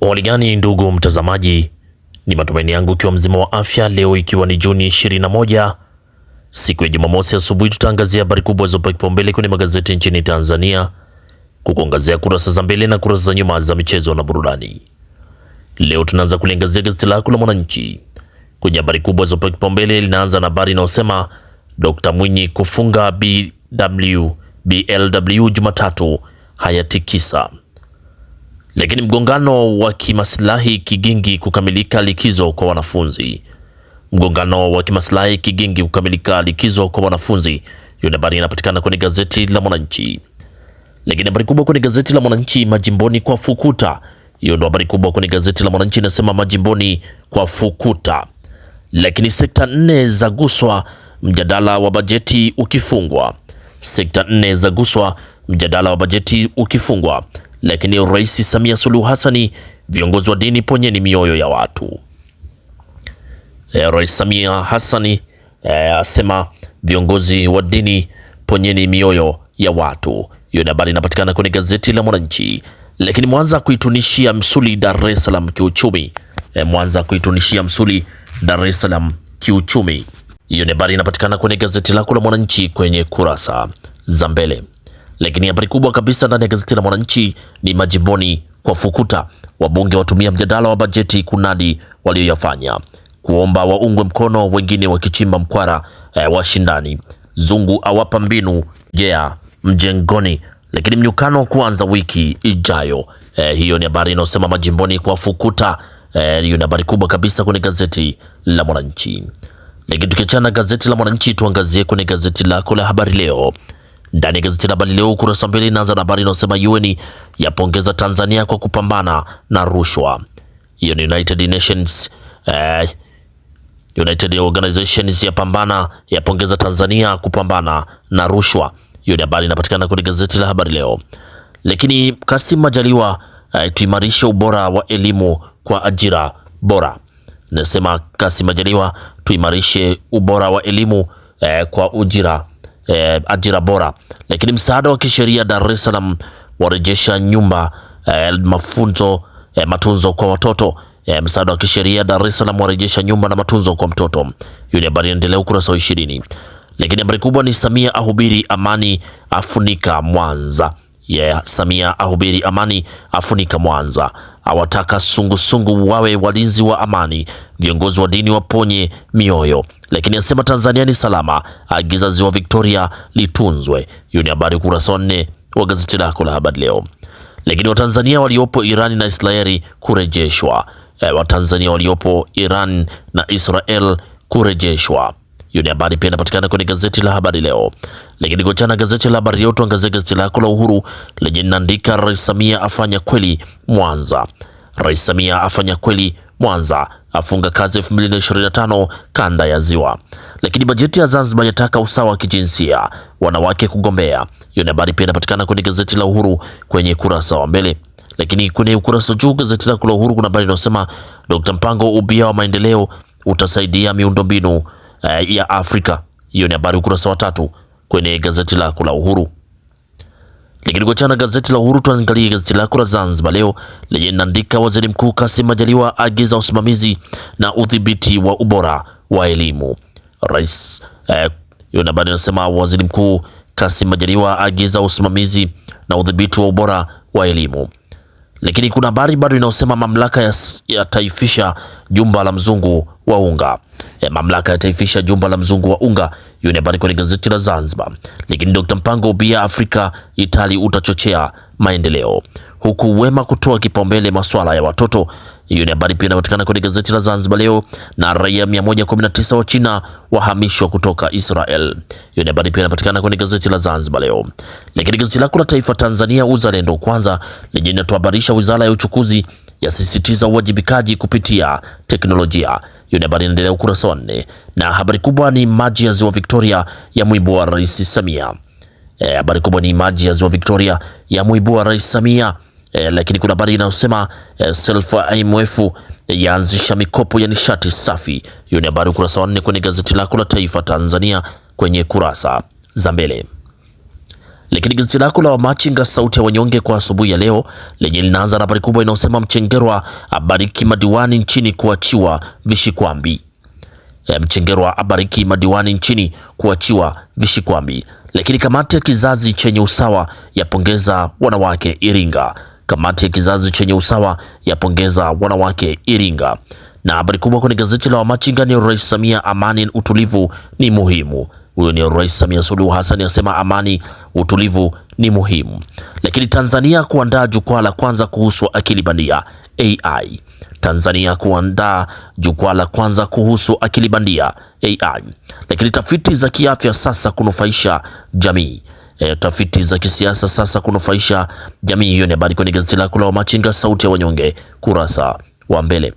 Waligani ndugu mtazamaji, ni matumaini yangu ikiwa mzima wa afya. Leo ikiwa ni Juni 21 siku ya Jumamosi asubuhi, tutaangazia habari kubwa zopewa kipaumbele kwenye magazeti nchini Tanzania, kukuangazia kurasa za mbele na kurasa za nyuma za michezo na burudani. Leo tunaanza kuliangazia gazeti lako la Mwananchi kwenye habari kubwa zopa kipaumbele. Linaanza na habari inayosema Dr Mwinyi kufunga BW, BLW Jumatatu hayatikisa lakini mgongano wa kimaslahi Kigingi kukamilika likizo kwa wanafunzi. Mgongano wa kimaslahi Kigingi kukamilika likizo kwa wanafunzi. Hiyo habari inapatikana kwenye gazeti la Mwananchi. Lakini habari kubwa kwenye gazeti la Mwananchi, majimboni kwa fukuta. Hiyo ndo habari kubwa kwenye gazeti la Mwananchi, inasema majimboni kwa fukuta. Lakini sekta nne za guswa, mjadala wa bajeti ukifungwa. Sekta nne za guswa, mjadala wa bajeti ukifungwa lakini Rais Samia Suluhu Hassani, viongozi wa dini, ponyeni mioyo ya watu. E, Rais Samia Hassani e, eh, asema viongozi wa dini, ponyeni mioyo ya watu. Hiyo ni habari inapatikana kwenye gazeti la Mwananchi. Lakini Mwanza kuitunishia msuli Dar es Salaam kiuchumi. E, Mwanza kuitunishia msuli Dar es Salaam kiuchumi. Hiyo ni habari inapatikana kwenye gazeti lako la Mwananchi kwenye kurasa za mbele. Lakini habari kubwa kabisa ndani ya gazeti la Mwananchi ni majimboni kwa fukuta, wabunge watumia mjadala wa bajeti kunadi walioyafanya, kuomba waungwe mkono, wengine wakichimba mkwara eh, washindani. Zungu awapa mbinu jea yeah, mjengoni, lakini mnyukano kuanza wiki ijayo. Eh, hiyo ni habari inayosema majimboni kwa fukuta. Eh, hiyo ni habari kubwa kabisa kwenye gazeti la Mwananchi. Lakini tukiachana gazeti la Mwananchi, tuangazie kwenye gazeti lako la Habari Leo ndani ya gazeti la Habari Leo ukurasa mbili inaanza na habari inayosema UN yapongeza Tanzania kwa kupambana na rushwa. Hiyo ni United Nations eh, United Organizations yapambana yapongeza Tanzania kupambana na rushwa. Hiyo ni habari inapatikana kwenye gazeti la Habari Leo. Lakini Kassim Majaliwa eh, tuimarishe ubora wa elimu kwa ajira bora. Nasema Kassim Majaliwa tuimarishe ubora wa elimu eh, kwa ujira eh, ajira bora. Lakini msaada wa kisheria Dar es Salaam warejesha nyumba eh, mafunzo eh, matunzo kwa watoto eh, msaada wa kisheria Dar es Salaam warejesha nyumba na matunzo kwa mtoto. Hiyo ni habari inaendelea ukurasa wa ishirini. Lakini habari kubwa ni Samia ahubiri amani afunika Mwanza. Yeah, Samia ahubiri amani afunika Mwanza awataka sungusungu wawe walinzi wa amani, viongozi wa dini waponye mioyo, lakini asema Tanzania ni salama, agiza ziwa Victoria litunzwe. Hiyo ni habari kurasa nne wa gazeti lako la habari leo. Lakini watanzania waliopo Irani na Israeli kurejeshwa. E, watanzania waliopo Iran na Israel kurejeshwa. Hiyo ni habari pia inapatikana kwenye gazeti la habari leo. Lakini kuachana gazeti la habari leo, tuangazie gazeti lako la Uhuru lenye linaandika Rais Samia afanya kweli Mwanza. Rais Samia afanya kweli Mwanza afunga kazi 2025 kanda ya Ziwa. Lakini bajeti ya Zanzibar yataka usawa wa kijinsia, wanawake kugombea. Hiyo ni habari pia inapatikana kwenye gazeti la Uhuru kwenye kurasa wa mbele. Lakini kwenye ukurasa juu gazeti lako la Uhuru kuna habari inayosema Dr. Mpango ubia wa maendeleo utasaidia miundombinu Eh, ya Afrika. Hiyo ni habari ukurasa wa tatu kwenye gazeti lako la Uhuru. Lakini kuachana gazeti la Uhuru, tuangalie gazeti lako la Zanzibar Leo lenye linaandika waziri mkuu Kassim Majaliwa agiza usimamizi na udhibiti wa ubora wa elimu rais. Eh, hiyo eh, habari inasema waziri mkuu Kassim Majaliwa agiza usimamizi na udhibiti wa ubora wa elimu. Lakini kuna habari bado inayosema mamlaka yataifisha jumba la mzungu wa unga. E, mamlaka yataifisha jumba la mzungu wa unga. Hiyo ni habari kwenye gazeti la Zanzibar. Lakini Dr. Mpango ubia Afrika Itali utachochea maendeleo, huku Wema kutoa kipaumbele masuala ya watoto hiyo ni habari pia inapatikana kwenye gazeti la Zanzibar Leo. Na raia 119 wa China wahamishwa kutoka Israel. Hiyo ni habari pia inapatikana kwenye gazeti la Zanzibar Leo. Lakini gazeti lako la Taifa Tanzania Uzalendo Kwanza lenye linatuhabarisha wizara ya uchukuzi yasisitiza uwajibikaji kupitia teknolojia. Hiyo ni habari inaendelea ukurasa wa nne, na habari kubwa ni maji ya ziwa Victoria ya wa Rais Samia. Eh, habari e, kubwa ni maji ya ziwa Victoria ya wa Rais Samia e, lakini kuna habari inayosema e, self IMF eh, yaanzisha mikopo ya nishati safi. Hiyo ni habari ukurasa wa nne kwenye gazeti lako la Taifa Tanzania kwenye kurasa za mbele. Lakini gazeti lako la Wamachinga sauti ya wanyonge kwa asubuhi ya leo lenye linaanza na habari kubwa inayosema Mchengerwa abariki madiwani nchini kuachiwa vishikwambi. E, Mchengerwa abariki madiwani nchini kuachiwa vishikwambi. Lakini kamati ya kizazi chenye usawa yapongeza wanawake Iringa. Kamati ya kizazi chenye usawa yapongeza wanawake Iringa. Na habari kubwa kwenye gazeti la Wamachinga ni Rais Samia, amani utulivu ni muhimu. Huyo ni Rais Samia Suluhu Hassan asema amani utulivu ni muhimu. Lakini Tanzania kuandaa jukwaa la kwanza kuhusu akili bandia AI. Tanzania kuandaa jukwaa la kwanza kuhusu akili bandia AI. Lakini tafiti za kiafya sasa kunufaisha jamii e, tafiti za kisiasa sasa kunufaisha jamii. Hiyo ni habari kwenye gazeti lako la Wamachinga sauti ya wanyonge kurasa wa mbele.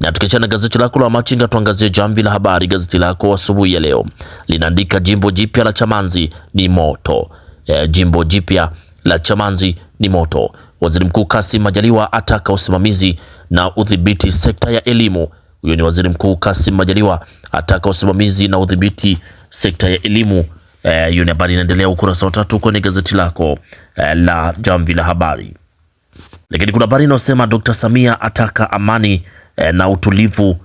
Na tukiachana gazeti lako la Wamachinga, tuangazie jamvi la habari gazeti lako asubuhi ya leo linaandika jimbo jipya la Chamanzi ni moto. E, jimbo jipya la Chamanzi ni moto. Waziri Mkuu Kassim Majaliwa ataka usimamizi na udhibiti sekta ya elimu. Huyo ni Waziri Mkuu Kassim Majaliwa ataka usimamizi na udhibiti sekta ya elimu Eh, hiyo ni habari inaendelea ukurasa wa tatu kwenye gazeti lako e, la Jamvi la Habari. Lakini kuna habari inayosema Dr. Samia ataka amani e, na utulivu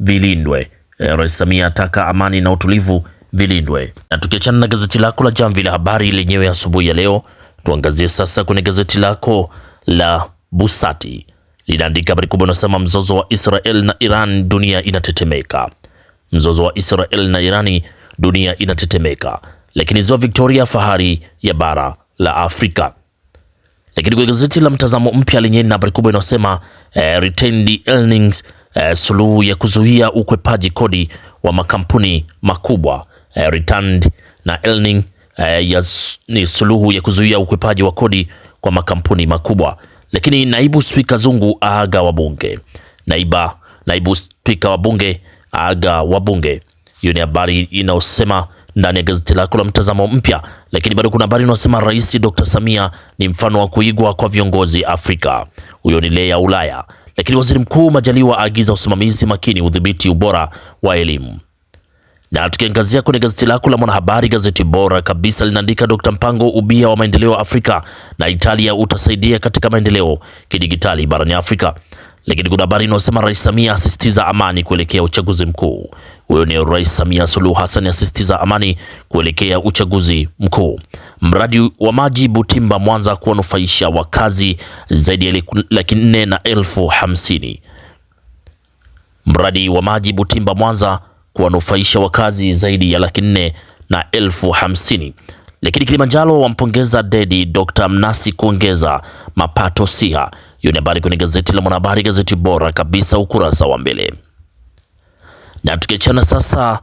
vilindwe. E, Rais Samia ataka amani na utulivu vilindwe. Na tukiachana na gazeti lako la Jamvi la Habari lenyewe asubuhi ya, ya leo, tuangazie sasa kwenye gazeti lako la Busati linaandika habari kubwa inasema mzozo wa Israel na Iran, dunia inatetemeka. Mzozo wa Israel na Irani dunia inatetemeka, lakini ziwa Victoria fahari ya bara la Afrika. Lakini kwa gazeti la Mtazamo Mpya lenye habari kubwa inayosema eh, retained earnings eh, suluhu ya kuzuia ukwepaji kodi wa makampuni makubwa eh, retained na earning eh, ya, ni suluhu ya kuzuia ukwepaji wa kodi kwa makampuni makubwa. Lakini naibu spika Zungu aaga bunge naiba naibu spika wa bunge aaga wabunge hiyo ni habari inayosema ndani ya gazeti lako la Mtazamo Mpya, lakini bado kuna habari inayosema Rais Dr. Samia ni mfano wa kuigwa kwa viongozi Afrika. Huyo ni leya Ulaya. Lakini Waziri Mkuu Majaliwa aagiza usimamizi makini udhibiti ubora wa elimu. Na tukiangazia kwenye gazeti lako la Mwanahabari, gazeti bora kabisa linaandika Dr. Mpango ubia wa maendeleo Afrika na Italia utasaidia katika maendeleo kidigitali barani Afrika. Lakini kuna habari inayosema Rais Samia asisitiza amani kuelekea uchaguzi mkuu. Huyo ni Rais Samia Suluhu Hassan asisitiza amani kuelekea uchaguzi mkuu. Mradi wa maji Butimba Mwanza kuwanufaisha wakazi zaidi ya laki nne na elfu hamsini. Mradi wa maji Butimba Mwanza kuwanufaisha wakazi zaidi ya laki nne na elfu hamsini. Lakini Kilimanjaro wampongeza Dedi Dr. Mnasi kuongeza mapato SIHA. Hiyo ni habari kwenye gazeti la Mwanahabari, gazeti bora kabisa, ukurasa wa mbele. Na tukiachana sasa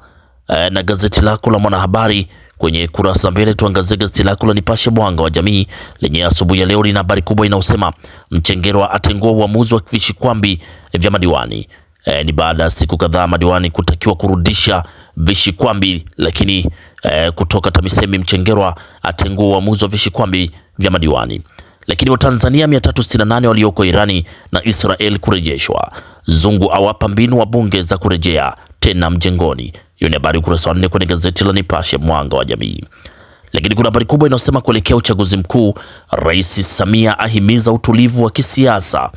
eh, na gazeti lako la Mwanahabari kwenye kurasa mbele, tuangazie gazeti lako la Nipashe mwanga wa jamii lenye asubuhi ya leo lina habari kubwa inayosema Mchengerwa atengua uamuzi wa vishikwambi eh, vya madiwani. E, ni baada ya siku kadhaa madiwani kutakiwa kurudisha vishikwambi, lakini e, kutoka TAMISEMI Mchengerwa atengua uamuzi wa vishikwambi vya madiwani. Lakini Watanzania 368 walioko Irani na Israel kurejeshwa. Zungu awapa mbinu wa bunge za kurejea tena mjengoni. Hiyo ni habari ukurasa wa nne kwenye gazeti la Nipashe mwanga wa jamii. Lakini kuna habari kubwa inayosema kuelekea uchaguzi mkuu, Rais Samia ahimiza utulivu wa kisiasa.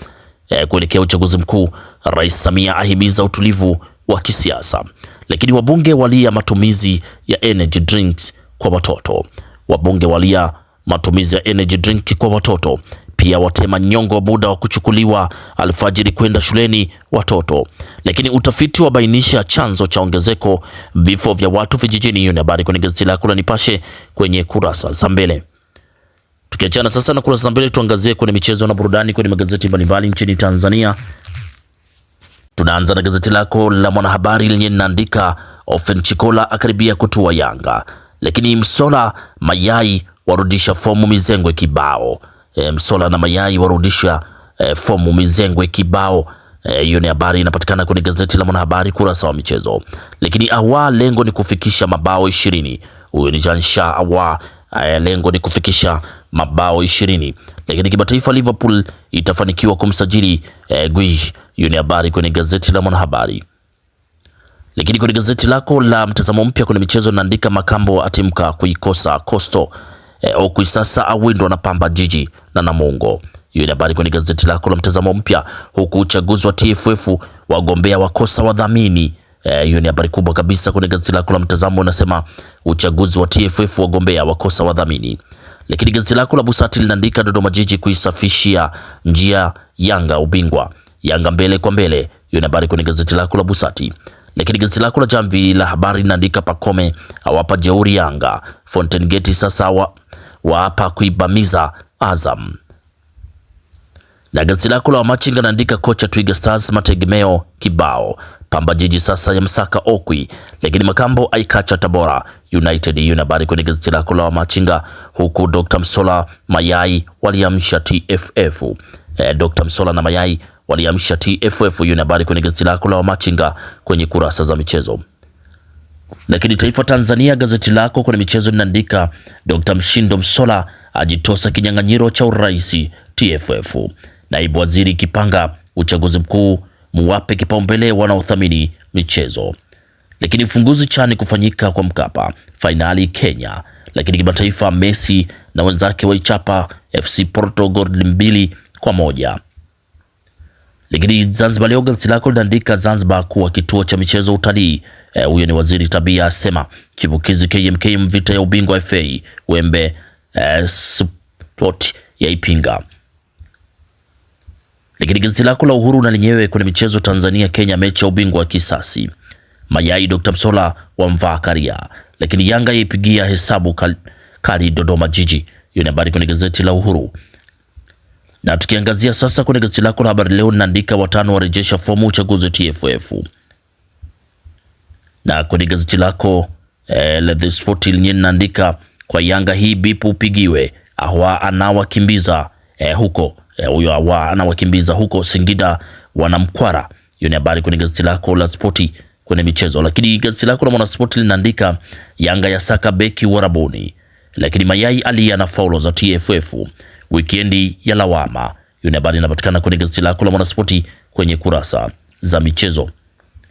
E, kuelekea uchaguzi mkuu, Rais Samia ahimiza utulivu wa kisiasa. Lakini wabunge walia matumizi ya energy drinks kwa watoto. Wabunge walia matumizi ya energy drink kwa watoto pia watema nyongo muda wa kuchukuliwa alfajiri kwenda shuleni watoto. Lakini utafiti wabainisha chanzo cha ongezeko vifo vya watu vijijini. Hiyo ni habari kwenye gazeti lako la Nipashe kwenye kurasa za mbele. Tukiachana sasa na kurasa za mbele, tuangazie kwenye michezo na burudani kwenye magazeti mbalimbali nchini Tanzania. Tunaanza na gazeti lako la Mwanahabari lenye linaandika Ofen Chikola akaribia kutua Yanga, lakini Msola mayai warudisha fomu Mizengwe kibao e, Msola na Mayai warudisha e, fomu Mizengwe kibao. Eh, hiyo e, ni habari inapatikana kwenye gazeti la Mwanahabari kurasa wa michezo. Lakini awa lengo ni kufikisha mabao ishirini. Huyo ni Jansha awa e, lengo ni kufikisha mabao ishirini. Lakini kimataifa Liverpool itafanikiwa kumsajili e, Gui. Hiyo ni habari kwenye gazeti la Mwanahabari. Lakini kwenye gazeti lako la mtazamo mpya kwenye michezo naandika Makambo atimka kuikosa Costo e, Okwi sasa awindwa na Pamba Jiji na Namungo. Hiyo ni habari kwenye gazeti lako la Mtazamo Mpya, huku uchaguzi wa TFF wagombea wakosa wadhamini. Eh, hiyo e, ni habari kubwa kabisa kwenye gazeti lako la Mtazamo, unasema uchaguzi wa TFF wagombea wakosa wadhamini. Lakini gazeti lako la Busati linaandika Dodoma Jiji kuisafishia njia Yanga ubingwa, Yanga mbele kwa mbele. Hiyo ni habari kwenye gazeti lako la Busati. Lakini gazeti lako la Jamvi la Habari linaandika Pacome awapa jeuri Yanga, Fountain Gate sasa wa, waapa kuibamiza Azam. Na gazeti lako la Wamachinga linaandika kocha Twiga Stars mategemeo kibao, Pamba Jiji sasa ya msaka Okwi, lakini Makambo aikacha Tabora United. Hiyo ni habari kwenye gazeti lako la Wamachinga, huku Dr Msola Mayai waliamsha TFF. Eh, Dr Msola na Mayai waliamsha TFF. Hiyo ni habari kwenye gazeti lako la Wamachinga kwenye kurasa za michezo. Lakini Taifa Tanzania gazeti lako kwenye michezo linaandika Dr. Mshindo Msola ajitosa kinyang'anyiro cha uraisi TFF. Naibu waziri Kipanga, uchaguzi mkuu muwape kipaumbele wanaothamini michezo. Lakini ufunguzi chani kufanyika kwa Mkapa, fainali Kenya. Lakini kimataifa, Messi na wenzake waichapa FC Porto goli mbili kwa moja. Lakini Zanzibar Leo gazeti lako linaandika Zanzibar kuwa kituo cha michezo utalii. Eh, huyo ni waziri Tabia asema chipukizi KMK mvita ya ubingwa FA Wembe e, sport ya ipinga. Lakini gazeti lako la Uhuru na lenyewe kwenye michezo Tanzania Kenya, mechi ya ubingwa wa kisasi mayai Dr. Msola wamvaa Karia, lakini Yanga yaipigia hesabu kali Dodoma Jiji. Hiyo ni habari kwenye gazeti la Uhuru. Na tukiangazia sasa kwenye gazeti lako la habari leo linaandika watano warejesha fomu uchaguzi TFF, na kwenye gazeti lako eh, la The Sport lenyewe linaandika kwa Yanga hii bipu upigiwe awa anawakimbiza eh, huko eh, huyo eh, awa anawakimbiza huko Singida wanamkwara. Hiyo ni habari kwenye gazeti lako la Sporti kwenye michezo, lakini gazeti lako la Mwanaspoti linaandika Yanga ya saka beki warabuni, lakini mayai aliana faulo za TFF wikendi ya lawama. Hiyo ni habari inapatikana kwenye gazeti lako la Mwanaspoti kwenye kurasa za michezo.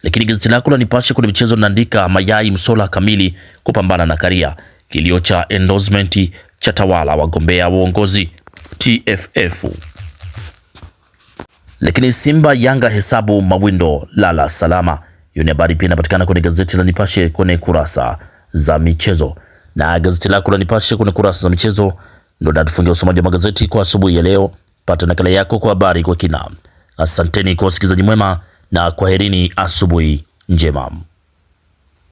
Lakini gazeti lako la Nipashe kwenye michezo linaandika mayai Msola kamili kupambana na Karia, kilio cha endorsement cha tawala wagombea uongozi TFF. Lakini Simba Yanga hesabu mawindo lala salama. Hiyo ni habari pia inapatikana kwenye gazeti la Nipashe kwenye kurasa za michezo, na gazeti lako la Nipashe kwenye kurasa za michezo ndio natufungia usomaji wa magazeti kwa asubuhi ya leo. Pata nakala yako kwa habari kwa kina. Asanteni kwa usikilizaji mwema na kwaherini, asubuhi njema.